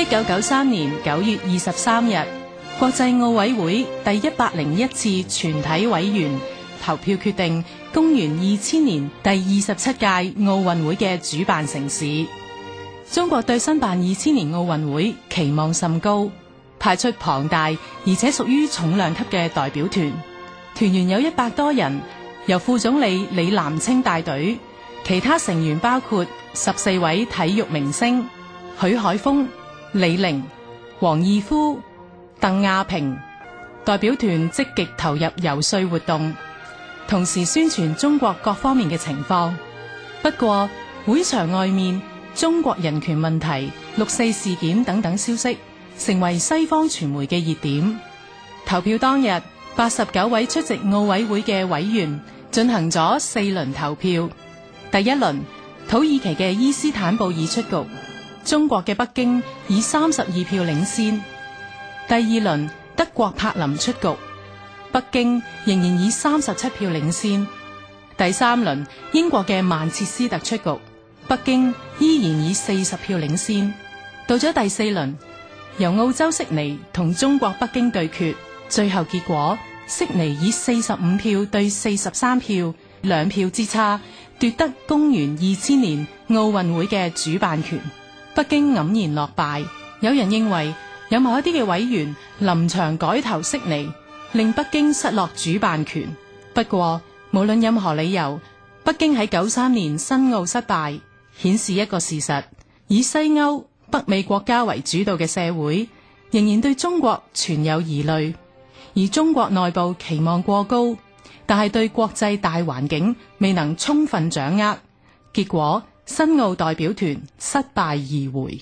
一九九三年九月二十三日，國際奧委會第一百零一次全體委員投票決定，公元二千年第二十七屆奧運會嘅主辦城市。中國對申辦二千年奧運會期望甚高，派出龐大而且屬於重量級嘅代表團，團員有一百多人，由副總理李嵐清帶隊，其他成員包括十四位體育明星許海峰。李寧、王義夫、鄧亞萍，代表團積極投入遊說活動，同時宣傳中國各方面嘅情況。不過，會場外面，中國人權問題、六四事件等等消息，成為西方傳媒嘅熱點。投票當日，八十九位出席奧委會嘅委員進行咗四輪投票。第一輪，土耳其嘅伊斯坦布爾出局。中國嘅北京以三十二票領先，第二輪德國柏林出局，北京仍然以三十七票領先。第三輪英國嘅曼徹斯特出局，北京依然以四十票領先。到咗第四輪，由澳洲悉尼同中國北京對決，最後結果悉尼以四十五票對四十三票兩票之差奪得公元二千年奧運會嘅主辦權。北京黯然落敗，有人認為有某一啲嘅委員臨場改頭悉尼，令北京失落主辦權。不過，無論任何理由，北京喺九三年申奧失敗，顯示一個事實：以西歐、北美國家為主導嘅社會，仍然對中國存有疑慮；而中國內部期望過高，但係對國際大環境未能充分掌握，結果。申奧代表團失敗而回。